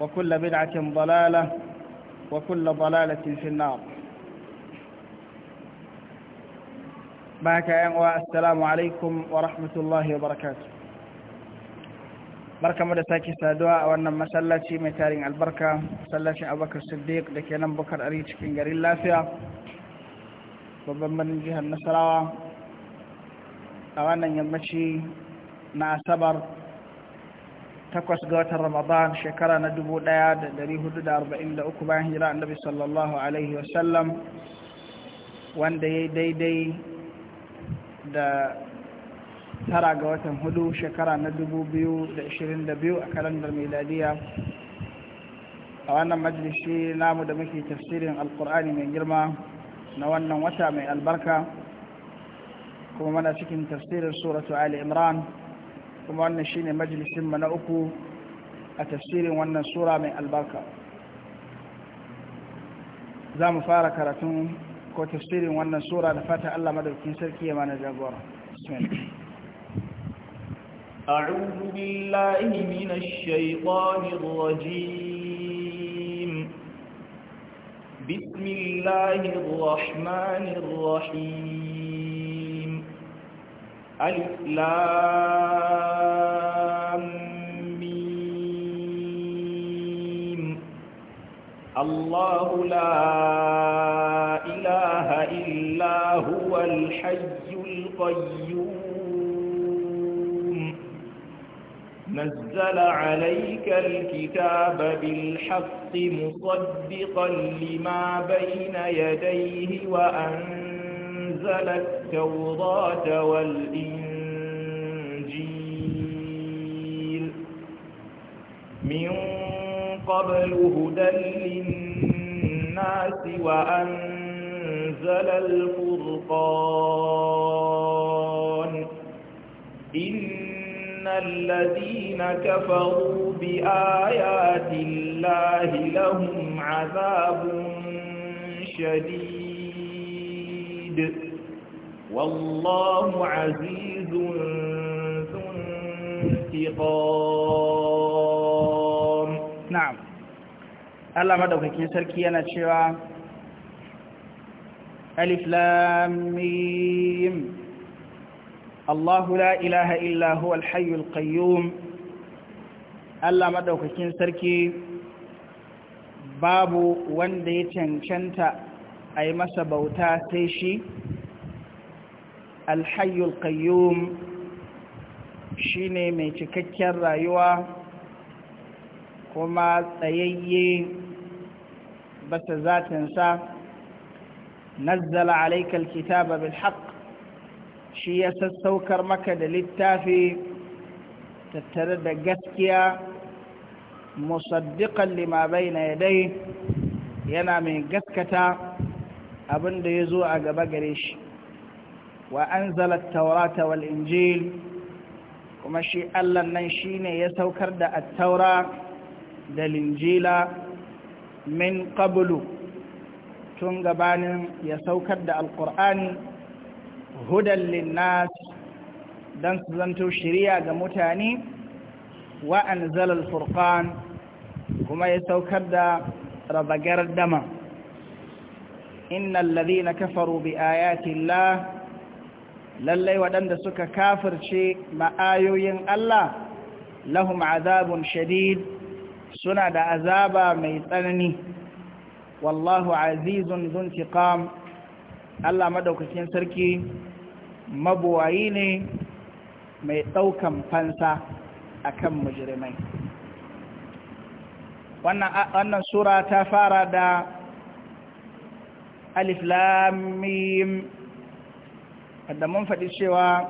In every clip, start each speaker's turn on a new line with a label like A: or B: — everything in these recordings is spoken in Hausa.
A: وكل بدعة ضلالة وكل ضلالة في النار معك يا السلام عليكم ورحمة الله وبركاته barka mu da sake saduwa a wannan masallaci mai tarin albarka masallacin Abakar siddiq da ke nan bukar ari cikin garin lafiya babban birnin jihar nasarawa a wannan yammaci na asabar takwas ga watan ramadan shekara na dubu ɗaya da dari hudu arba'in da uku bayan hijira annabi sallallahu alaihi wasallam wanda ya daidai da tara ga watan hudu shekara na dubu biyu da da biyu a kalandar miladiya a wannan majalisi namu da muke tafsirin alkur'ani mai girma na wannan wata mai albarka kuma mana cikin tafsirin suratu ali imran kuma wannan shi ne mu na uku a tafsirin wannan sura mai albarka za mu fara karatun ko tafsirin wannan sura da fata Allah madaukakin sarki ya mana jagora
B: أعوذ بالله من الشيطان الرجيم بسم الله الرحمن الرحيم ألف لام ميم الله لا إله إلا هو الحي القيوم نزل عليك الكتاب بالحق مصدقا لما بين يديه وأنت أنزل التوراة والإنجيل من قبل هدى للناس وأنزل الفرقان إن الذين كفروا بآيات الله لهم عذاب شديد والله عزيز ذو انتقام
A: نعم الله مدوكين سركي yana cewa ألف لام ميم الله لا إله إلا هو الحي القيوم الله مدوكين سركي babu wanda ya cancanta a yi masa bauta sai shi alhayyul qayyum shine mai cikakken rayuwa kuma tsayayye bata zatinsa nazzala alaikal kitaba bil haqq shi ya sassaukar maka da littafi tattare da gaskiya musaddiqan lima bayna yadayhi yana mai gaskata abin da ya zo a gaba gare shi Wa'anzalar an zala taurata wal kuma shi allan nan shi ne ya saukar da attaura da linjila min qablu tun gabanin ya saukar da Alƙur'ani, hudan linnas don su zanto shirya ga mutane wa'anzalar an kuma ya saukar da rabagar dama inna allazina kafaru bi ayati Allah lallai waɗanda suka kafirce ma'ayoyin Allah lahum azabun shadid suna da azaba mai tsanani wallahu azizun zuntiqam Allah madaukakin sarki mabuwayi ne mai ɗaukan fansa akan mujrimai wannan wannan sura ta fara da alif lam mim da mun faɗi cewa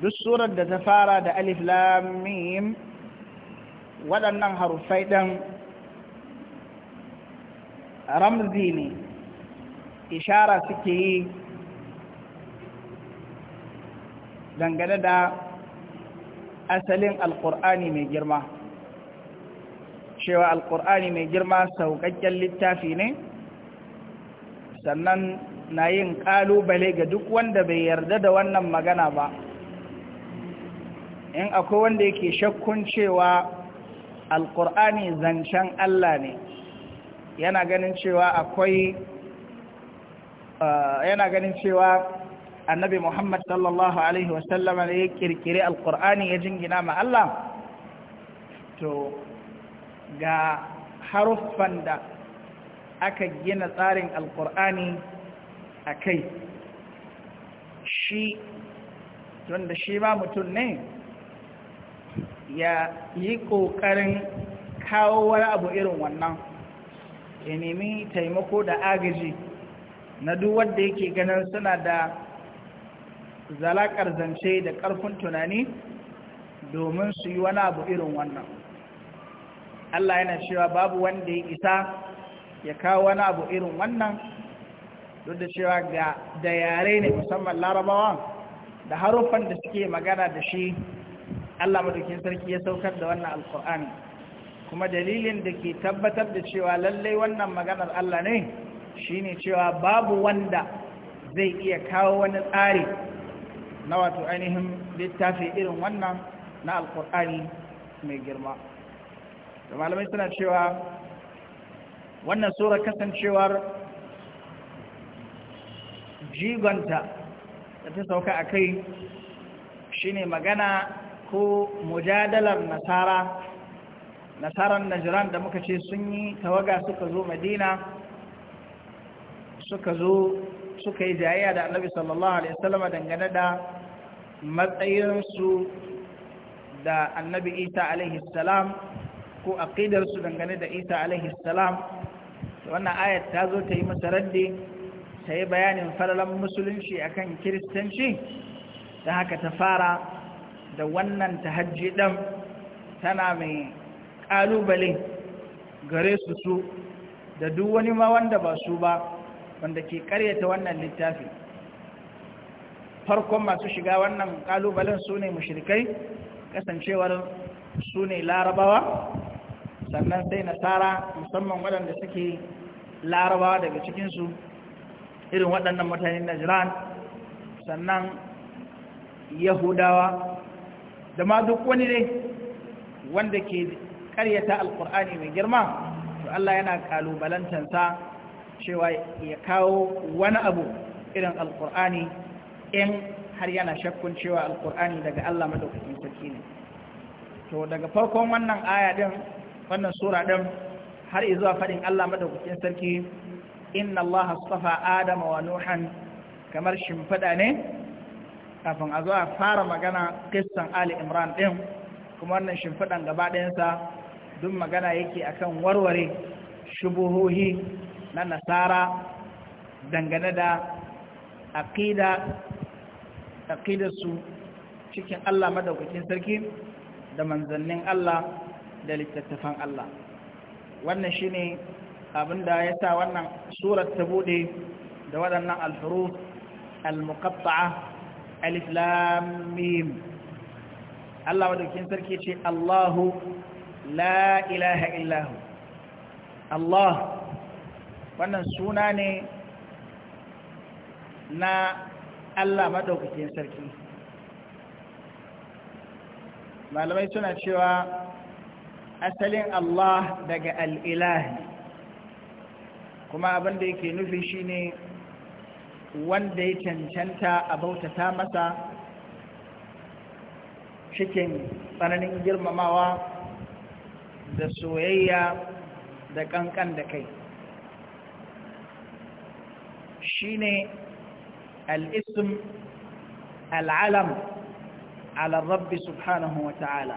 A: duk surar da ta fara da alif lam mim waɗannan harufai ɗin ramzi ne ishara suke yi dangane da asalin alƙur'ani mai girma cewa alkur'ani mai girma sauƙaƙƙen littafi ne sannan na yin kalubale ga duk wanda bai yarda da wannan magana ba in akwai wanda yake shakkun cewa alkur'ani zancen Allah ne yana ganin cewa akwai uh, yana ganin cewa annabi Muhammad sallallahu Alaihi wasallama da ya kirkiri alkur'ani ya jingina ma Allah to ga haruffan da aka gina tsarin alkur'ani a kai shi wanda shi ba mutum ne ya yi ƙoƙarin kawo wani abu irin wannan ya nemi taimako da agaji na duk wanda yake ganin suna da zalakar zance da ƙarfin tunani domin su yi wani abu irin wannan Allah yana cewa babu wanda ya isa ya kawo wani abu irin wannan duk da cewa ga da yare ne musamman larabawa da haruffan da suke magana da shi Allah madaukin sarki ya saukar da wannan alkur'ani kuma dalilin da ke tabbatar da cewa lallai wannan maganar Allah ne shine cewa babu wanda zai iya kawo wani tsari na wato ainihin littafi irin wannan na alkur'ani mai girma da malamai suna cewa wannan sura kasancewar jigonta da ta sauka a kai ne magana ko mujadalar nasara nasarar najiran da muka ce sun yi tawaga suka zo madina suka zo suka yi jayayya da annabi sallallahu alaihi wasallama dangane da matsayinsu da annabi isa alaihi salam ko aqidarsu dangane da isa alaihi salam wannan ayat ta zo ta yi masa raddi ta yi bayanin falalan musulunci a kan kiristanci da haka ta fara da wannan ta Hajji ɗan tana mai ƙalubale gare su su da duk wani ma wanda ba su ba wanda ke karyata wannan littafi farkon masu shiga wannan ƙalubalen su ne mashirikai? kasancewar su ne larabawa sannan sai nasara musamman waɗanda suke larabawa daga cikinsu irin waɗannan na jiran sannan yahudawa da ma duk wani ne wanda ke karyata alkur'ani mai girma to Allah yana sa cewa ya kawo wani abu irin alkur'ani in har yana shakkun cewa alkur'ani daga Allah madaukakin sarki ne to daga farkon wannan aya din wannan sura din har izuwa faɗin Allah madaukakin sarki inna Allah astafa Adama wa Nuhan kamar shimfiɗa ne kafin a zo a fara magana kissan Ali Imran ɗin kuma wannan shimfiɗan gaba ɗayansa duk magana yake akan warware shubuhohi na nasara dangane da aƙida su cikin Allah madaukakin sarki da manzannin Allah da littattafan Allah wannan shine abinda ya sa wannan surar ta bude da waɗannan alhuruf al-muqatta'a alif lam mim Allah wadaukin sarki ce Allahu la ilaha illahu Allah wannan suna ne na Allah madaukakin sarki malamai suna cewa asalin Allah daga al ilahi kuma abin da yake nufi shine wanda ya cancanta a bautata masa cikin tsananin girmamawa da soyayya da kankan da kai shine al'isim al'alam al'Rabbi, subhanahu wa ta'ala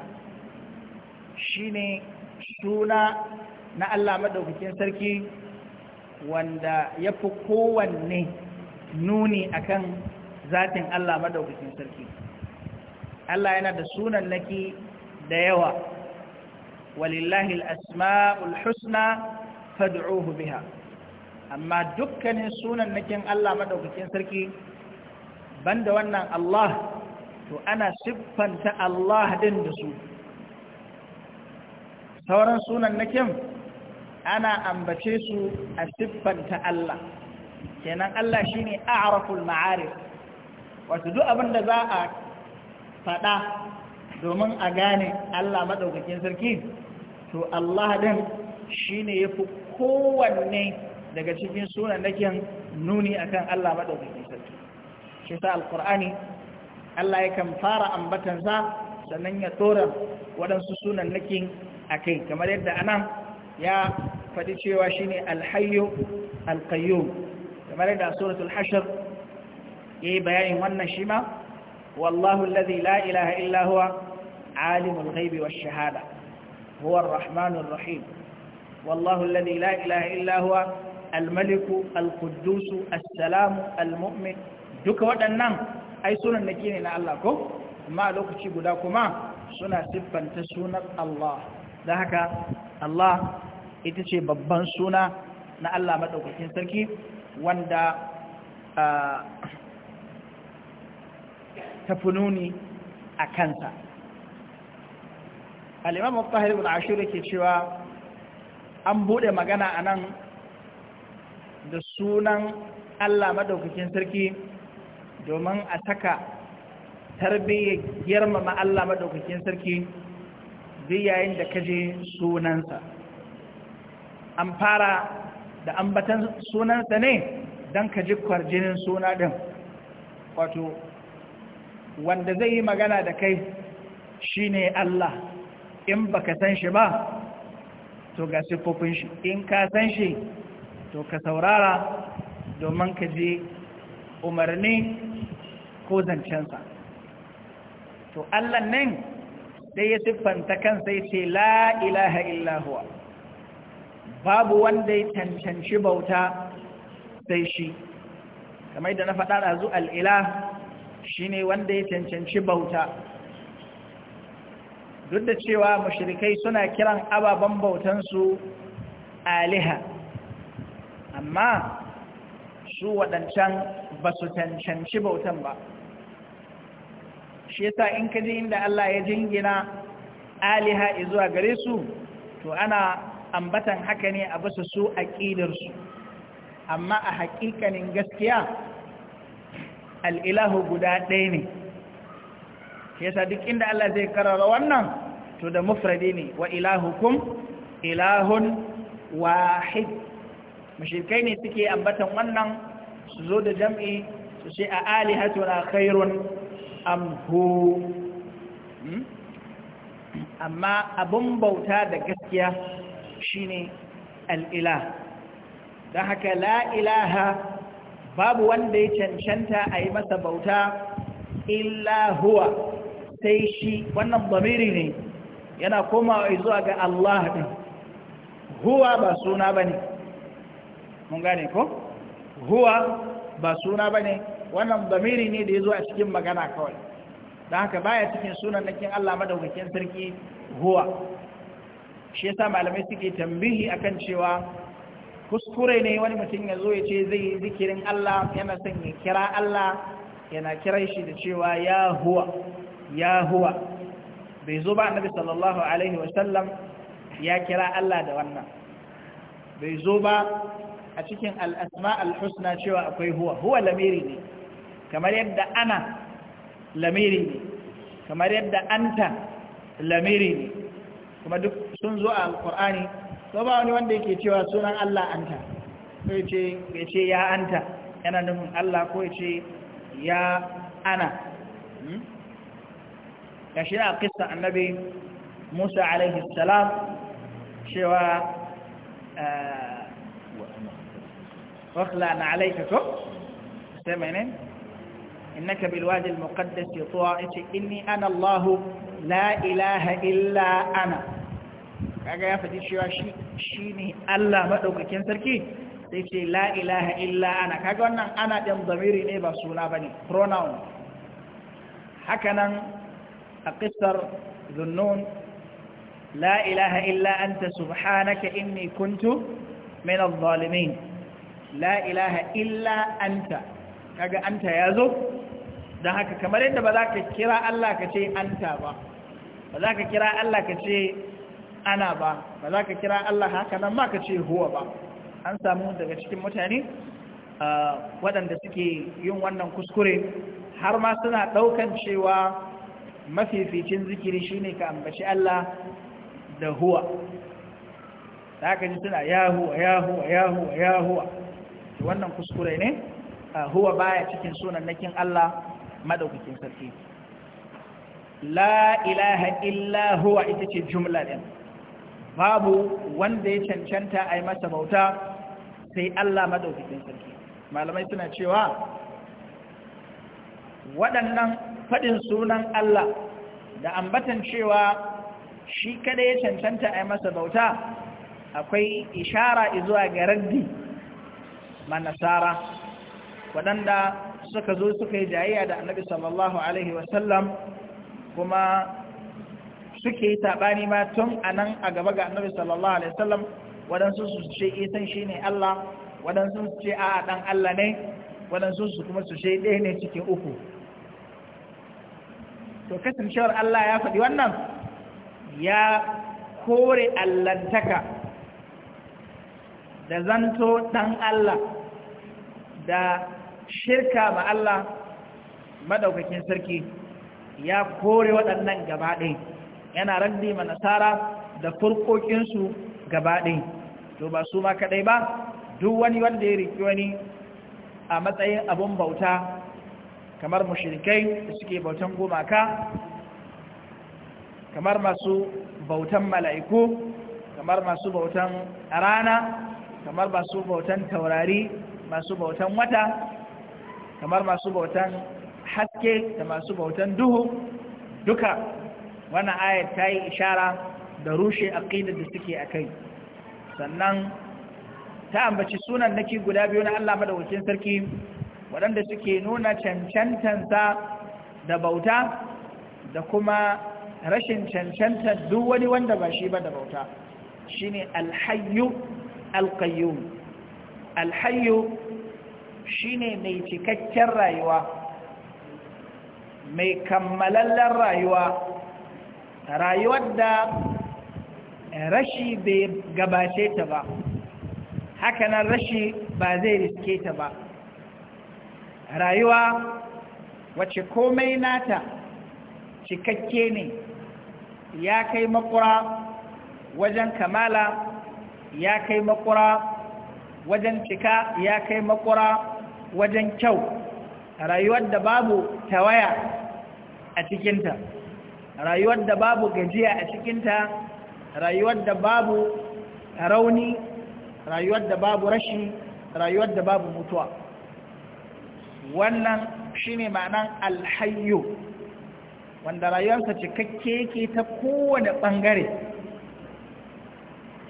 A: shine suna na Allah madaukakin sarki wanda ya fi kowanne nuni akan zatin Allah madaukakin sarki Allah yana da sunan naki da yawa walillahi al-asma'ul husna fad'uhu biha amma dukkanin sunan nakin Allah madaukakin sarki banda wannan Allah to ana siffanta Allah din da su sauran sunan nakin ana ambace su a siffanta Allah kenan Allah shine a'raful ma'arif wato duk abin da za a faɗa domin a gane Allah madaukakin sarki to Allah din shine yafi kowanne daga cikin sunan nakin nuni akan Allah madaukakin sarki shi sa alqur'ani Allah yakan fara ambatansa sannan ya tsora waɗansu sunan nakin akai kamar yadda anan ya faɗi cewa shine alhayyu alqayyum kamar yadda suratul hashr yayi bayanin wannan shi ma wallahu alladhi la ilaha alimul ghaibi wash shahada huwa arrahmanur rahim wallahu alladhi la ilaha almaliku alkudusu assalamu almu'min duka waɗannan ai sunan nake ne na Allah ko amma lokaci guda kuma suna siffanta sunan Allah da haka Allah ita ce babban suna na Allah maɗaukakin sarki wanda ta fununi a kansa al'imam al ibn ashir ke cewa an buɗe magana a nan da sunan Allah maɗaukakin sarki domin a saka tarbiyyar girmama Allah maɗaukakin sarki zai yayin da kaje sunansa an fara da ambatan sunansa ne don ka ji kwarjinin suna ɗin wato wanda zai yi magana da kai shi ne Allah in ba ka san shi ba to ga siffofin shi in ka san shi to ka saurara domin ka ji umarni ko zancensa to Allah nan sai ya siffanta kansa ya ce la illahuwa babu wanda ya cancanci bauta sai shi kamar da na faɗa ɗazu al'ila shi ne wanda ya cancanci bauta duk da cewa mashirikai suna kiran ababen bautansu aliha amma su waɗancan ba su cancanci bautan ba shi yasa in ka ji inda Allah ya jingina aliha izuwa gare su to ana ambatan haka ne a basu su a ƙidarsu amma a haƙiƙanin gaskiya al'ilahu guda ɗaya ne yasa duk inda Allah zai karara wannan to da mufradi ne wa ilahukum ilahun wahid mashirkai ne suke ambatan wannan su zo da jam'i su ce a Ali alihatuna khairun amhu hmm? amma abun bauta da gaskiya shine al’ila don haka la'ilaha babu wanda ya cancanta a yi masa bauta illa huwa sai shi wannan bamiri ne yana komawa zuwa ga Allah ɗin huwa ba suna ba ne mun gane ko? huwa ba suna ba ne wannan bamiri ne da ya zuwa cikin magana kawai don haka baya cikin sunan nakin Allah madaukakin sarki huwa shi yasa malamai suke tambihi akan cewa kuskure ne wani mutum ya zo ya ce zai zikirin Allah yana son ya kira Allah yana kiran shi da cewa ya huwa ya huwa bai zo ba annabi sallallahu alaihi wasallam ya kira Allah da wannan bai zo ba a cikin al'asma al-husna cewa akwai huwa huwa lamiri ne kamar yadda ana lamiri ne kamar yadda anta lamiri ne kuma duk sun zo a alkur'ani to ba wani wanda yake cewa sunan Allah anta ko yace yace ya anta yana nufin Allah ko ce ya ana ya hmm? shi na kissa annabi Musa alaihi salam cewa واخلع عليك كف سمعنا إنك بالوادي ya طوى إني أنا الله لا إله illa ana. kaga ya faɗi cewa shi ne Allah maɗaukakin sarki sai ce la ilaha illa ana kaga wannan ana ɗan zamiri ne ba suna ba ne pronoun nan, a ƙisar zunnun la ilaha illa ta, subhanaka inni kuntu min al-zalimin la ilaha illa anta kaga ta ya zo don haka kamar yadda ba za ka kira Allah ka ce an ta ba ba za ka kira Allah ka ce ana ba ba za ka kira Allah haka nan ba ka ce huwa ba an samu daga cikin mutane ah, waɗanda suke yin wannan kuskure har ma suna ɗaukan cewa mafificin zikiri shine ka ambaci Allah da huwa Za haka ji suna ya huwa ya huwa ya huwa ya huwa wannan kuskure ne ah, huwa baya cikin sunannakin Allah maɗaukakin sarki la ilaha illa huwa ita ce jumla ɗin babu wanda ya cancanta a yi masa bauta sai Allah madaukakin sarki malamai suna cewa waɗannan faɗin sunan Allah da ambatan cewa shi kada ya cancanta a yi masa bauta akwai ishara izuwa ga raddi nasara. waɗanda suka zo suka yi jayayya da annabi sallallahu alaihi wasallam kuma suke yi tabani ma tun a nan a gaba ga annabi sallallahu alaihi wasallam waɗansu su ce isan eh, shi ne Allah waɗansu su ce a ɗan Allah ne waɗansu su kuma su ce ɗaya ne cikin uku to kasancewar Allah ya faɗi wannan ya kore allantaka da zanto ɗan Allah da shirka ma Allah madaukakin sarki ya kore waɗannan gaba ɗaya yana raddi ma nasara da furkokinsu gabaɗe to ba su ma kaɗai ba duk wani wanda ya riƙi wani a matsayin abun bauta kamar mushirikai da suke bautan gumaka kamar masu bautan mala'iku kamar masu bautan rana kamar masu bautan taurari masu bautan wata kamar masu bautan haske da masu bautan duhu duka wannan ayar ta yi ishara da rushe aqidar da suke a kai sannan ta ambaci sunan naki guda biyu na Allah madawacin sarki waɗanda suke nuna cancantansa da bauta da kuma rashin cancanta duk wani wanda ba shi ba da bauta shine alhayyu alqayyum alhayyu shine mai cikakken rayuwa mai kammalallen rayuwa rayuwar da rashi bai gabace ta ba hakanan rashi ba zai riske ta ba rayuwa wace komai nata cikakke ne ya kai makura wajen kamala ya kai makura wajen cika ya kai makura wajen kyau rayuwar da babu tawaya a cikinta rayuwar da babu gajiya a cikinta rayuwar da babu rauni rayuwar da babu rashi rayuwar da babu mutuwa wannan shine ma'anan alhayyu wanda rayuwarsa cikakke yake ta kowane ɓangare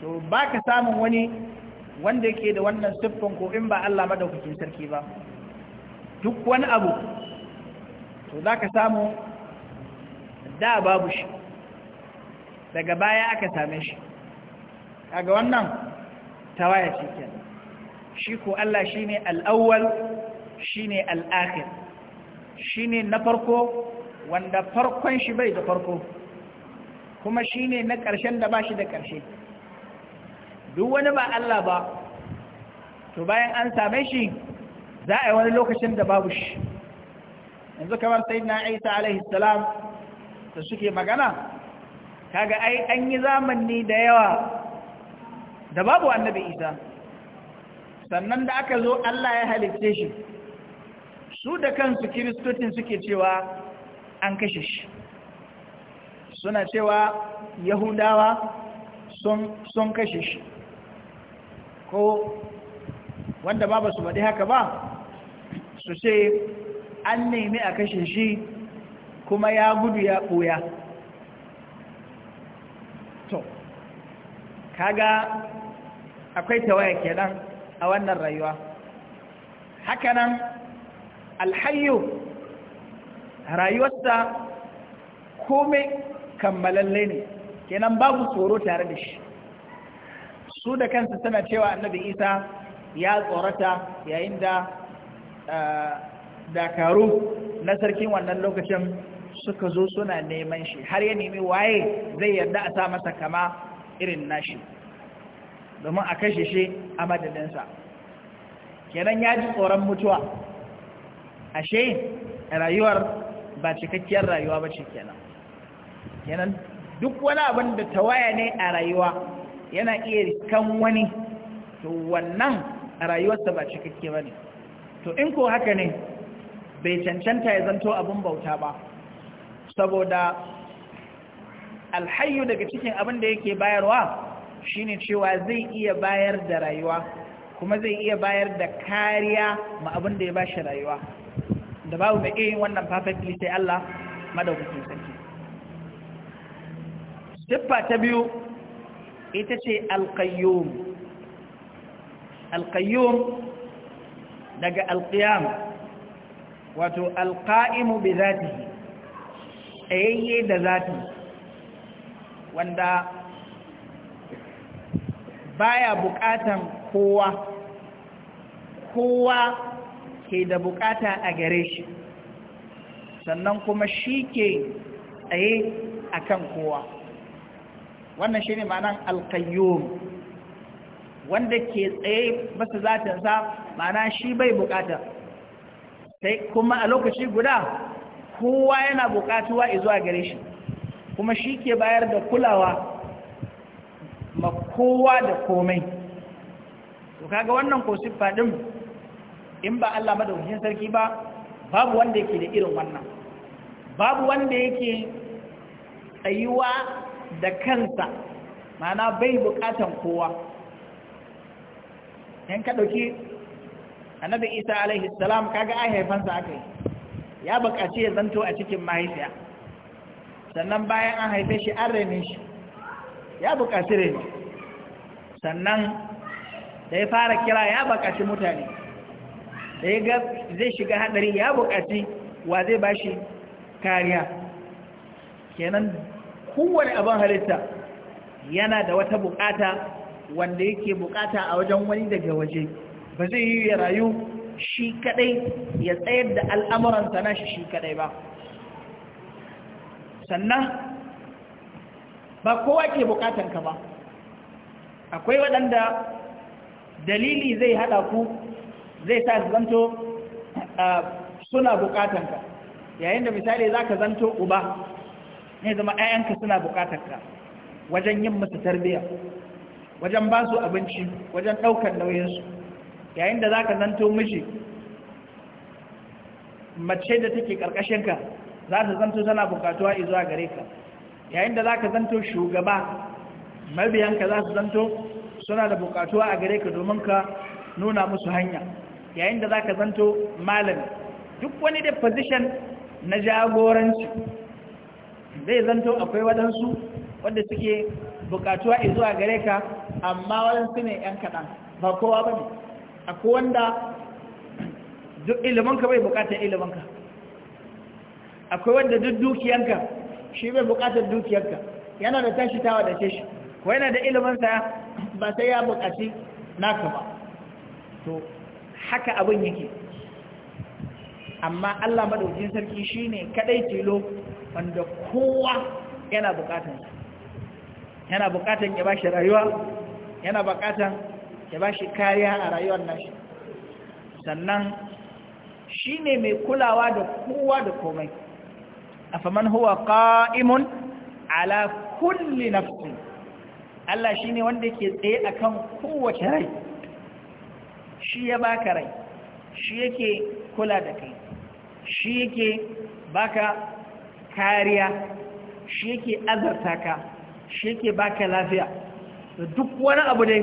A: to ba ka samun wani wanda yake da wannan siffan ko in ba Allah madaukakin sarki ba duk wani abu to za ka samu da babu shi daga baya aka same shi kaga wannan tawaya ce kenan shi ko Allah ne al'awwal, shi ne al shi ne na farko wanda farkon shi bai da farko kuma shi ne na ƙarshen da ba shi da ƙarshe duk wani ba Allah ba to bayan an same shi za a yi wani lokacin da babu shi yanzu kamar sayyidina Isa alaihi salam da suke magana kaga ai an yi zamani da yawa da babu annabi isa sannan da aka zo Allah ya halitta shi su da kansu kiristocin suke cewa an kashe shi suna cewa yahudawa sun kashe shi ko wanda ba ba su haka ba su ce an nemi a kashe shi kuma ya gudu ya ɓoya to kaga akwai tawaya kenan a wannan rayuwa hakanan alhayu rayuwarsa komai kammalalle ne kenan babu tsoro tare da shi su da kansu suna cewa annabi isa ya tsorata yayin da eh, dakaru na sarkin wannan lokacin suka zo suna neman shi har ya nemi waye zai yarda a sa masa kama irin nashi domin a kashe shi a madadinsa kenan ya ji tsoron mutuwa ashe rayuwar ba cikakkiyar rayuwa ba ce kenan kenan duk wani abin da tawaya ne a rayuwa yana iya kan wani to wannan rayuwarsa ba cikakke ba ne to in ko haka ne bai cancanta ya zanto abin bauta ba saboda alhayu daga cikin abin da yake bayarwa shine cewa zai iya bayar da rayuwa kuma zai iya bayar da kariya ma abin da ya bashi rayuwa da babu mai iya yin wannan perfectly sai Allah madaukakin sarki siffa ta biyu ita ce alqayyum alqayyum daga alqiyam wato Alka'imu bi zatihi tsayayye da zati wanda baya bukatan kowa kowa ke da bukata a gare shi sannan kuma shi ke tsaye a kan kowa wannan shi ne ma'anan alkayyum wanda ke tsaye masa zatinsa ma'ana shi bai bukata sai kuma a lokaci guda kowa yana bukatuwa zuwa gare shi kuma shi ke bayar da kulawa ma kowa da komai to kaga wannan ko siffa din in ba Allah madaukakin sarki ba babu wanda yake da irin wannan babu wanda yake tsayuwa da kansa mana bai buƙatan kowa yan ka dauki annabi Isa alaihi salam kaga ai haifansa aka yi ya buƙaci ya zanto a cikin mahaifiya sannan bayan an haife shi an rene shi ya buƙaci rene sannan da ya fara kira ya buƙaci mutane da ya ga zai shiga haɗari ya buƙaci wa zai ba shi kariya kenan kowane abin halitta yana da wata buƙata wanda yake buƙata a wajen wani daga waje ba zai yi ya rayu shi kadai ya tsayar da al'amuransa na shi shi kadai ba sannan ba kowa ke bukatanka ba akwai waɗanda dalili zai haɗa ku zai sa zanto suna bukatanka yayin da misali za ka zanto uba ne zama 'ya'yanka suna bukatanka wajen yin masu tarbiyya wajen ba su abinci wajen ɗaukar nauyinsu yayin da za ka zanto mishi mace da take ƙarƙashinka za ta zanto tana buƙatuwa izuwa gare ka yayin da za ka zanto shugaba mabiyanka za su zanto suna da buƙatuwa a gare ka domin ka nuna musu hanya yayin da za ka zanto malami duk wani da position na jagoranci zai zanto akwai waɗansu wanda suke buƙatuwa izuwa gare ka amma waɗansu ne ‘yan kaɗan ba kowa ba ne akwai wanda duk ilimanka bai bukatar ilimanka akwai wanda duk dukiyanka shi bai bukatar dukiyanka yana da tashi tawa da shi ko yana da ilimansa ba sai ya bukaci naka ba to haka abin yake amma Allah madaukin sarki shine kadai tilo wanda kowa yana bukatar yana bukatar ya bashi rayuwa yana bukatar ya ba shi kariya a rayuwar nashi sannan shi ne mai kulawa da kowa da komai a faman huwa ƙa'imun ala kulli nafsin Allah shi ne wanda ke tsaye a kan kowace rai shi ya baka rai shi yake kula da kai shi yake baka kariya shi yake azarta ka shi yake baka lafiya da duk wani abu dai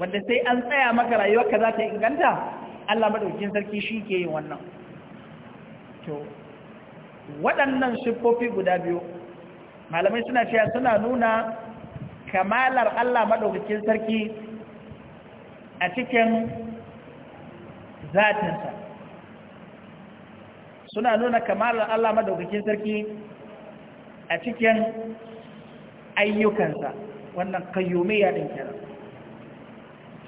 A: wanda sai an tsaya maka rayuwarka za ta inganta Allah madaukakin sarki shi ke yin wannan to waɗannan shifofi guda biyu malamai suna cewa suna nuna kamalar Allah madaukakin sarki a cikin zatinsa suna nuna kamalar Allah madaukakin sarki a cikin ayyukansa wannan kayyumiya din kenan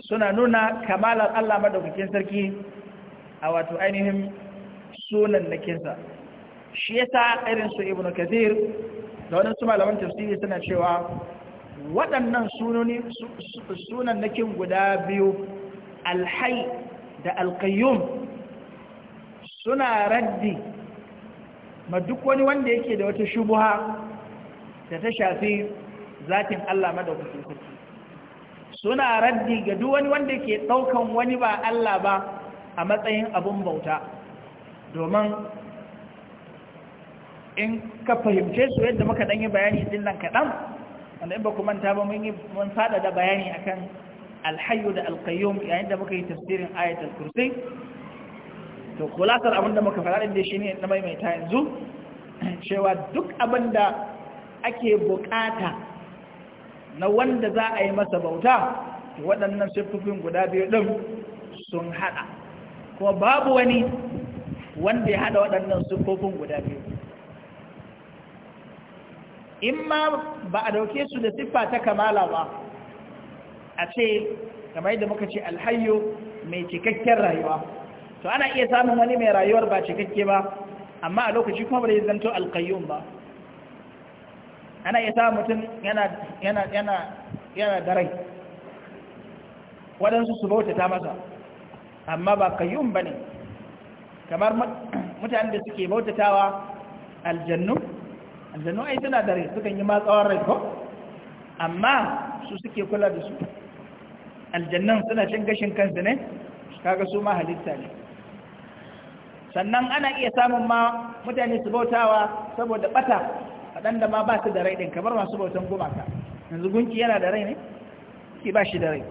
A: suna nuna kamalar Allah madaukakin sarki a wato ainihin sunan nakinsa shi yasa irin su ibnu kathir da wani su malaman tafsiri suna cewa waɗannan sunoni sunan nakin guda biyu alhai da alqayyum suna raddi ma duk wani wanda yake da wata shubuha da ta shafi zatin Allah madaukakin sarki suna raddi ga duk wani wanda ke ɗaukan wani ba Allah ba a matsayin abun bauta domin in ka fahimce su yadda muka ɗan yi bayani din nan kaɗan wanda in ba ku manta ba mun yi mun fada da bayani akan alhayu da alkayyum yayin da muka yi tafsirin ayatul kursi to kulatar abin da muka faɗa da shi ne na maimaita yanzu cewa duk abin da ake buƙata. na wanda za a yi masa bauta waɗannan siffofin guda biyu ɗin sun haɗa kuma babu wani wanda ya haɗa waɗannan siffofin guda biyu in ma ba a dauke su da siffa ta kamala ba a ce kamar yadda muka ce alhayo mai cikakken rayuwa to ana iya samun wani mai rayuwar ba cikakke ba amma a lokaci kuma bai zanto alkayyum ba ana iya samun mutum yana da rai waɗansu su bautata masa amma ba kayyum ba ne kamar mutane da suke bautatawa aljannu aljannu ai suna da rai sukan yi matsawar rai ko amma su suke kula da su aljannan suna cin gashin kansu ne kaga su ma halitta ne sannan ana iya samun ma mutane su bautawa saboda bata waɗanda ma ba su da rai ɗin kamar masu bautan gumaka yanzu gunki yana da rai ne shi ba shi da rai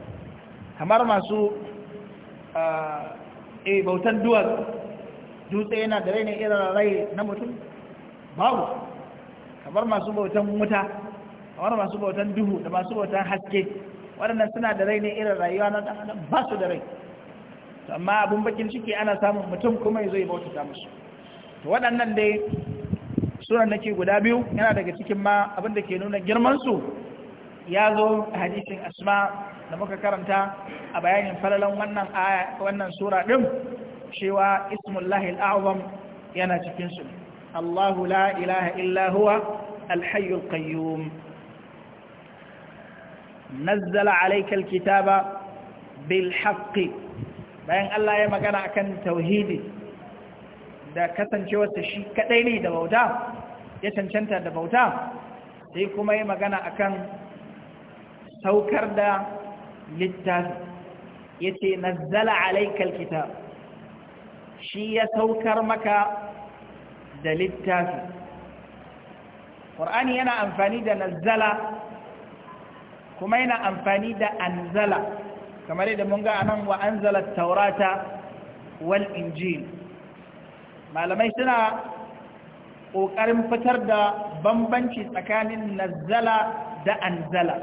A: kamar masu eh, bautan duwatsu dutse yana da rai ne irin rai na mutum babu kamar masu bautan wuta kamar masu bautan duhu da masu bautan haske waɗannan suna da rai ne irin rayuwa na ɗan adam ba su da rai amma abun bakin ciki ana samun mutum kuma ya zo yi bauta musu to waɗannan dai sunan nake guda biyu yana daga cikin ma abinda ke nuna girmansu ya zo a hadisin asma da muka karanta a bayanin falalan wannan aya wannan sura din cewa ismullahi al'azam yana cikin su Allahu la ilaha illa huwa al qayyum nazzala alayka al-kitaba bil haqqi bayan Allah ya magana akan tauhidi da kasancewarsa shi kadai ne da bauta ya cancanta da bauta sai kuma yi magana akan saukar da littafi ya ce nazzala alaikal kitab shi ya saukar maka da littafi ƙwar'ani yana amfani da nazzala kuma yana amfani da anzala kamar yadda mun ga anan wa anzala taurata wal injil malamai suna ƙoƙarin fitar da bambanci tsakanin nazala da anzala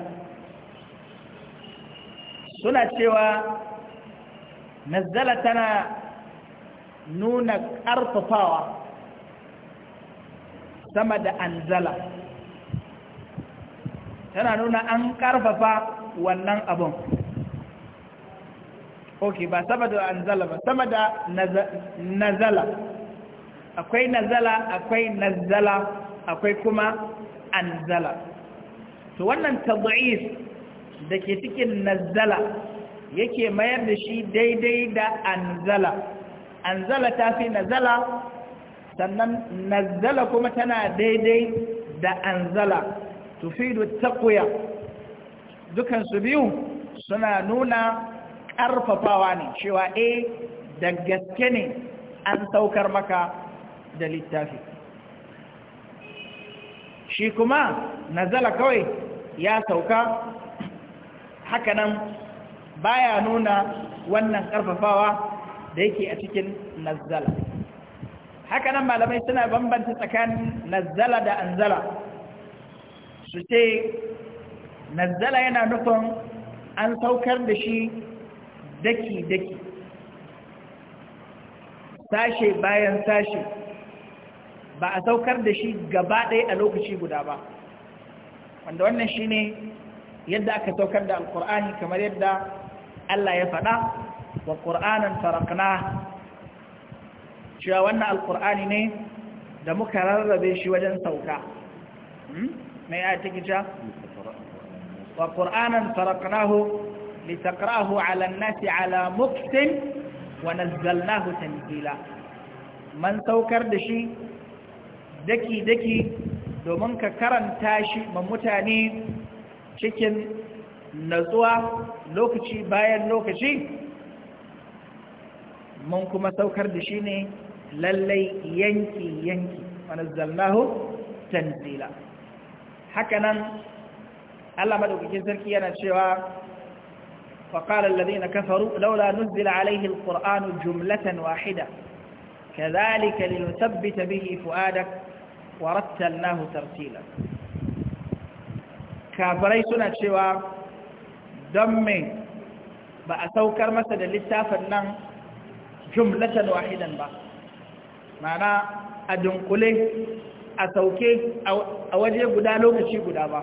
A: suna cewa nazala tana nuna ƙarfafawa sama da anzala tana nuna an ƙarfafa wannan abin ok ba sama da anzala ba sama da nazala akwai nazala akwai nazala akwai kuma anzala to wannan tad'is da ke cikin nazala yake mayar da shi daidai da anzala anzala ta fi nazala sannan nazala kuma tana daidai da anzala tufidu taqwa dukan su biyu suna nuna ƙarfafawa ne cewa eh da gaske ne an saukar maka da littafi shi kuma nazala kawai ya sauka hakanan baya nuna wannan karfafawa da yake a cikin nazala hakanan malamai suna bambanta tsakanin nazala da anzala su ce nazala yana nufin an saukar da shi daki-daki sashe bayan sashe ba a saukar da shi gaba ɗaya a lokaci guda ba wanda wannan shi ne yadda aka saukar da alkur'ani kamar yadda Allah ya faɗa wa ƙur'anin farakna cewa wannan alkur'ani ne da muka rarrabe shi wajen sauka mai hmm? ya ta cewa wa ƙur'anin faraknahu لتقرأه على الناس daki-daki domin ka karanta shi ma mutane cikin natsuwa lokaci bayan lokaci mun kuma saukar da shi ne lallai yanki-yanki manazallahu tanzila hakanan Allah maɗaukakin sarki yana cewa فقال الذين كفروا لولا نزل عليه jumlatan جملة واحدة كذلك لنثبت به فؤادك ورتلناه ترتيلا كافري سنة شوى دمي بأسوكر مثلا للتافة النم جملة واحدا با معنى أدنقله أسوكي أوجه قدا لوكشي قدا با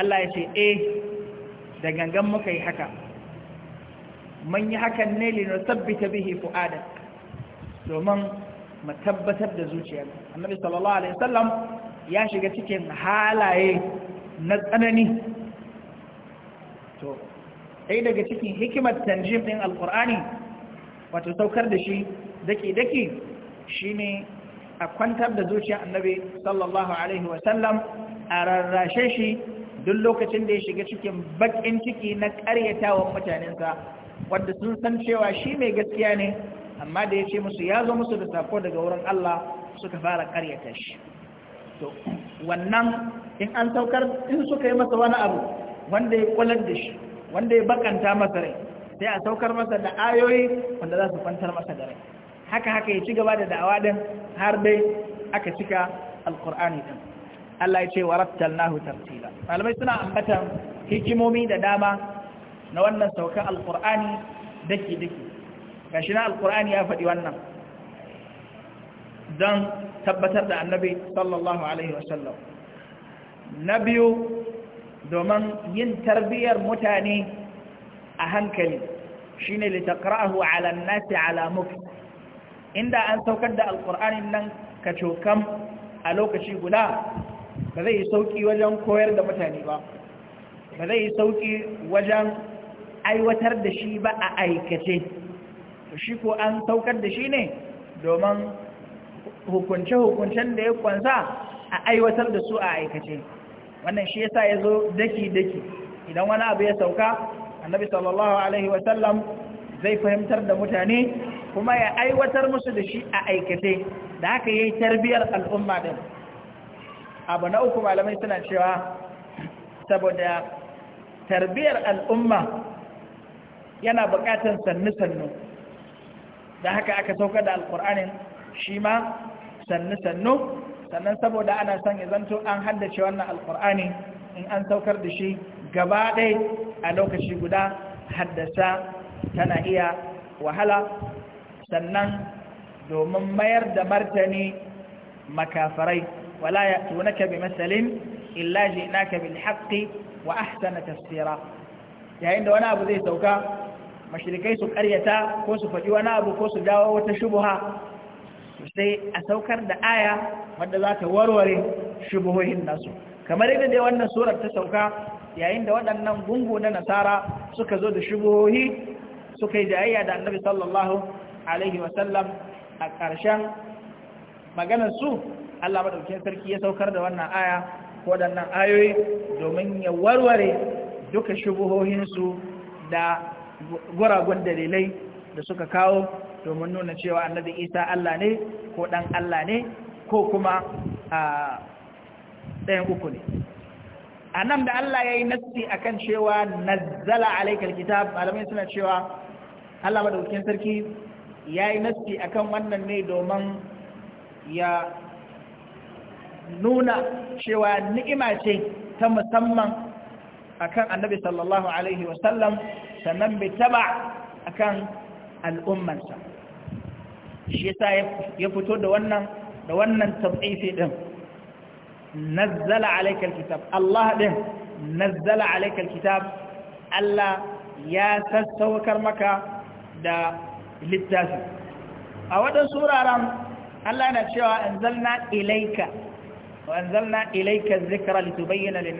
A: الله يشي إيه دقنقم مكي حكا من يحكا النيل لنثبت به فؤادك domin mu tabbatar da zuciyar annabi sallallahu alaihi wasallam ya shiga cikin halaye na tsanani to sai daga cikin hikimar tanjim ɗin alkur'ani wato saukar da shi daki-daki shi ne a kwantar da zuciya annabi sallallahu alaihi wasallam a rarrashe shi duk lokacin da ya shiga cikin bakin ciki na ƙaryata mutanensa wanda sun san cewa shi mai gaskiya ne amma da ya ce musu ya zo musu da sako daga wurin Allah suka fara karyata shi to wannan in an saukar in suka yi masa wani abu wanda ya kwalar da shi wanda ya bakanta masa rai sai a saukar masa da ayoyi wanda za su kwantar masa da rai haka haka ya ci gaba da da'awa din har dai aka cika alkur'ani din Allah ya ce wa rattalnahu tartila malamai suna ambatan hikimomi da dama na wannan saukar alkur'ani daki daki gashi na alkur'ani ya faɗi wannan don tabbatar da annabi sallallahu alaihi wasallam na biyu domin yin tarbiyyar mutane a hankali shine litaqra'ahu 'ala an-nasi inda an saukar da alkur'ani nan ka cokam a lokaci guda ba zai yi sauki wajen koyar da mutane ba ba zai yi sauki wajen aiwatar da shi ba a aikace shi ko an saukar da shi ne domin hukunce-hukuncen da ya kwanza a aiwatar da su a aikace wannan shi yasa ya zo daki-daki idan wani abu ya sauka annabi sallallahu alaihi wasallam zai fahimtar da mutane kuma ya aiwatar musu da shi a aikace da haka ya yi tarbiyar al'umma din abu na uku malamai suna cewa saboda tarbiyar al'umma yana bukatar sannu-sannu da haka aka saukar da alkur'anin shi ma sannu-sannu sannan saboda ana son ya zanto an haddace wannan alkur'ani in an saukar da shi gaba ɗai a lokaci guda haddasa tana iya wahala sannan domin mayar da martani makafarai wala ya tunaka bi masalin illaji naka bil haƙƙi wa ahsana tafsira yayin da wani abu zai sauka mashirikai su karyata ko su faɗi wani abu ko su dawo wata shubuha sai a saukar da aya wadda za ta warware shubuhohin nasu kamar yadda dai wannan surar ta sauka yayin da waɗannan gungu na nasara suka zo da shubuhohi suka yi jayayya da annabi sallallahu alaihi wasallam a ƙarshen maganar su Allah maɗaukin sarki ya saukar da wannan aya waɗannan ayoyi domin ya warware duka shubuhohinsu da guragun dalilai da suka kawo domin nuna cewa annabi isa Allah ne ko ɗan Allah ne ko kuma a ɗayan uku ne a nan da Allah ya yi nassi a kan cewa nazzala alaikar kitab malamai suna cewa Allah madaukin sarki ya yi nassi a kan wannan ne domin ya nuna cewa ni'ima ce ta musamman akan annabi sallallahu alaihi wasallam sannan bai taba akan al'ummansa shi yasa ya fito da wannan da ɗin tabbaisi din nazzala Allah din nazzala alayka Allah ya sassaukar maka da littafi a wadan wuraren, Allah yana cewa anzalna ilayka wa anzalna ilayka adh-dhikra litubayyana lin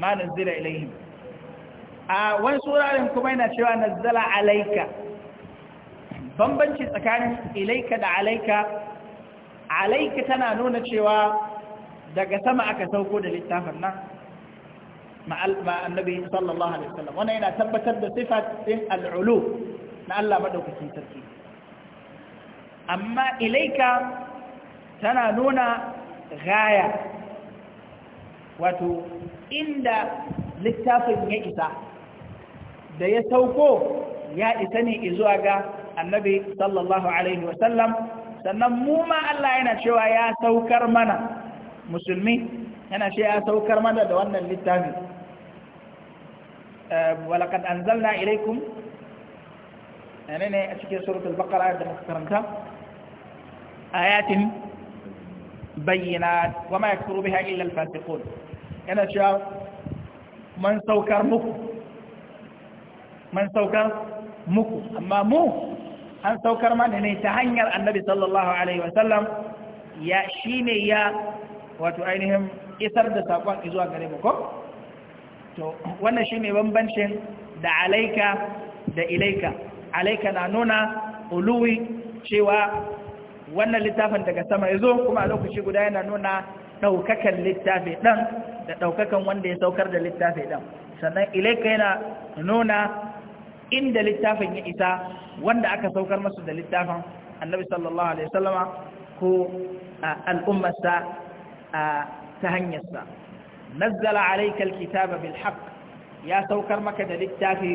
A: ma nuzila ilayhim a wani tsorarin kuma yana cewa nazzala alaika bambanci tsakanin ilaika da alaika alaika tana nuna cewa daga sama aka sauko da littafin nan ma'annabi sallallahu alaihi wasallam wannan yana tabbatar da sifatin al'ulu na Allah madaukakin sarki amma ilaika tana nuna gaya wato inda littafin ya isa da ya sauko ya isa ne zuwa ga annabi sallallahu alaihi wasallam sannan mu ma Allah yana cewa ya saukar mana musulmi yana cewa ya saukar mana da wannan littafi walaqad anzalna ilaikum yana ne a cikin suratul baqara da muka karanta ayatin bayyinat wa ma yakfuru biha illa al-fasiqun yana cewa man saukar muku man saukar muku amma mu an saukar mana ne ta hanyar annabi sallallahu alaihi wasallam ya shine ya wato ainihin isar da saƙon zuwa gare mu ko to wannan shine bambancin da alaika da ilaika alaika na nuna uluwi cewa wannan littafin daga sama zo kuma a lokaci guda yana nuna ɗaukakan littafi ɗan da ɗaukakan wanda ya saukar da littafi ɗan sannan ilaika yana nuna inda littafin ya isa wanda aka saukar masu da littafin annabi sallallahu alaihi wasallama ko al'ummarsa ta hanyarsa nazzala alayka alkitaba bil haqq ya saukar maka da littafi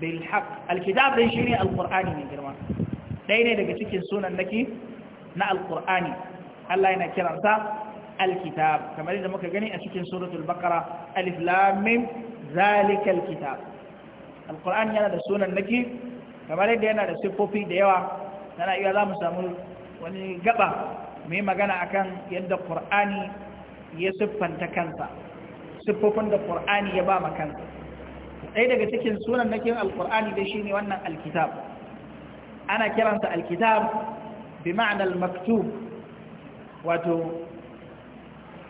A: bil haqq alkitab din shine alqur'ani ne girma dai ne daga cikin sunan naki na alqur'ani Allah yana kiransa alkitab kamar yadda muka gani a cikin suratul baqara alif lam mim zalikal kitab alkur'ani yana da sunan naki kamar yadda yana da siffofi da yawa tana iya za mu samu wani gaba mai magana akan yadda ƙur'ani ya siffanta kansa siffofin da ƙur'ani ya ba ma kansa ɗaya daga cikin sunan nakin alƙur'ani da shi ne wannan alkitab ana kiransa alkitab bi ma'anar maktub wato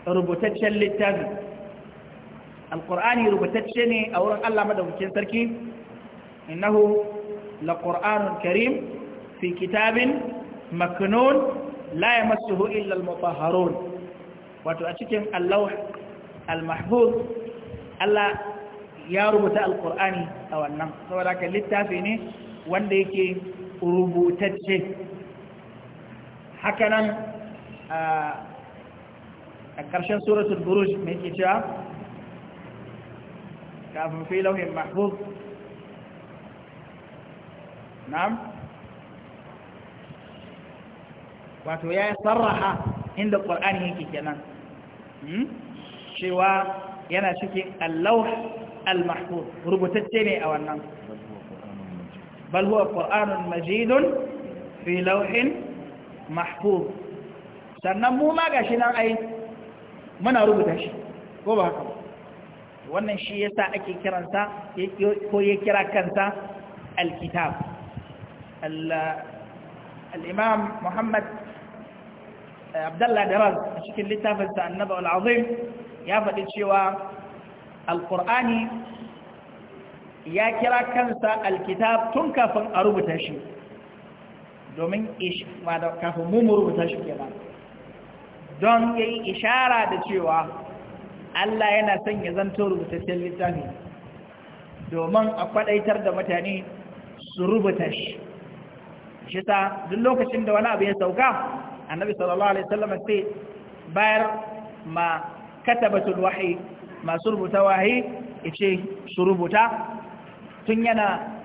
A: rubutaccen littafi alƙur'ani rubutacce ne a wurin allah madaukakin sarki innahu لقرآن كريم في كتاب مكنون لا يمسه إلا المطهرون وتؤتكم اللوح المحفوظ ألا يربط القرآن أو النم ولكن للتافين وانديك ربوتته حكنا أكرشان سورة البروج من كتاب كافر في لوح محفوظ na'am wato ya sarraha inda ƙwar'ani yake kenan hmm? cewa yana cikin allauh al-mahfuz rubutacce ne a wannan bal huwa qur'anun majidun fi lawhin mahfuz sannan mu ma gashi nan ai muna rubuta shi ko ba haka wannan shi yasa ake kiransa ko ya kira kanta al-kitab al'imam muhammad abdullah daraz a cikin littafinsa annaba al'azim ya faɗi cewa alƙur'ani ya kira kansa alkitab tun kafin a rubuta shi domin kafin mu rubuta shi ke don ya yi ishara da cewa Allah yana son ya zanta rubutaccen littafi domin a kwaɗaitar da mutane su rubuta shi Shita duk lokacin da wani abu ya sauka annabi sallallahu alaihi wasallam sai bayar ma katabatul wahyi masu rubuta wahyi yace su rubuta tun yana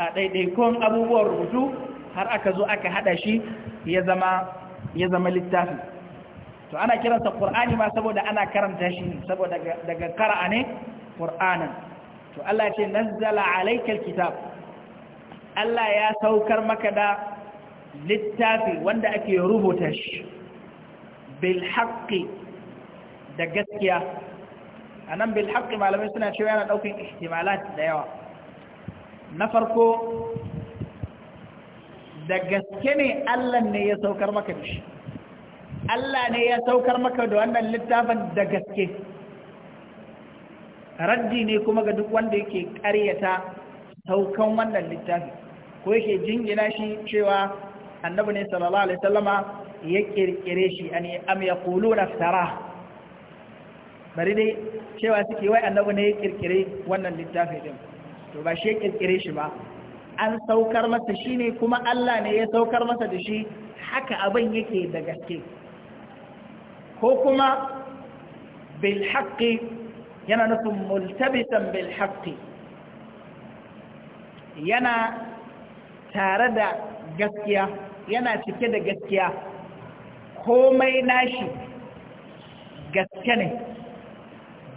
A: a ɗaiɗaikon abubuwan rubutu har aka zo aka haɗa shi ya zama ya zama littafi to ana kiransa qur'ani ma saboda ana karanta shi saboda daga qara'a ne qur'anan to Allah ya ce nazzala alaykal kitab Allah ya saukar maka da littafi wanda ake rubuta shi bil haqqi da gaskiya anan bil haqqi malamai suna cewa yana daukan ihtimalat da yawa na farko da gaske ne Allah ne ya saukar maka da shi Allah ne ya saukar maka da wannan littafin da gaske raddi ne kuma ga duk wanda yake ƙaryata saukan wannan littafin. ko yake jingina shi cewa annabi ne sallallahu alaihi wasallama ya kirkire shi ani am yaquluna tara bari dai cewa suke wai annabi ne ya kirkire wannan littafi din to ba shi ya kirkire shi ba an saukar masa shi ne kuma Allah ne ya saukar masa da shi haka abin yake da gaske ko kuma bil haqqi yana nufin multabisan bil haqqi yana tare da gaskiya yana cike da gaskiya komai nashi gaske ne